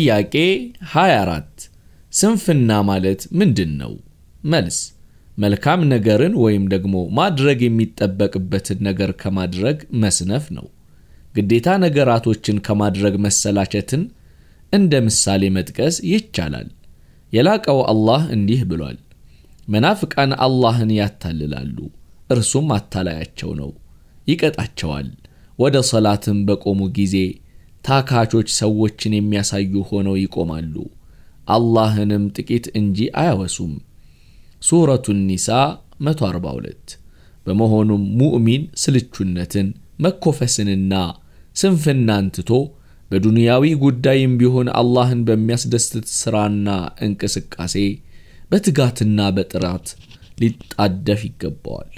ጥያቄ 24 ስንፍና ማለት ምንድን ነው? መልስ መልካም ነገርን ወይም ደግሞ ማድረግ የሚጠበቅበትን ነገር ከማድረግ መስነፍ ነው። ግዴታ ነገራቶችን ከማድረግ መሰላቸትን እንደ ምሳሌ መጥቀስ ይቻላል። የላቀው አላህ እንዲህ ብሏል፣ መናፍቃን አላህን ያታልላሉ፣ እርሱም አታላያቸው ነው፣ ይቀጣቸዋል። ወደ ሰላትም በቆሙ ጊዜ ታካቾች ሰዎችን የሚያሳዩ ሆነው ይቆማሉ። አላህንም ጥቂት እንጂ አያወሱም። ሱረቱ ኒሳ 142 በመሆኑም ሙእሚን ስልቹነትን መኮፈስንና ስንፍናን ትቶ በዱንያዊ ጉዳይም ቢሆን አላህን በሚያስደስት ሥራና እንቅስቃሴ በትጋትና በጥራት ሊጣደፍ ይገባዋል።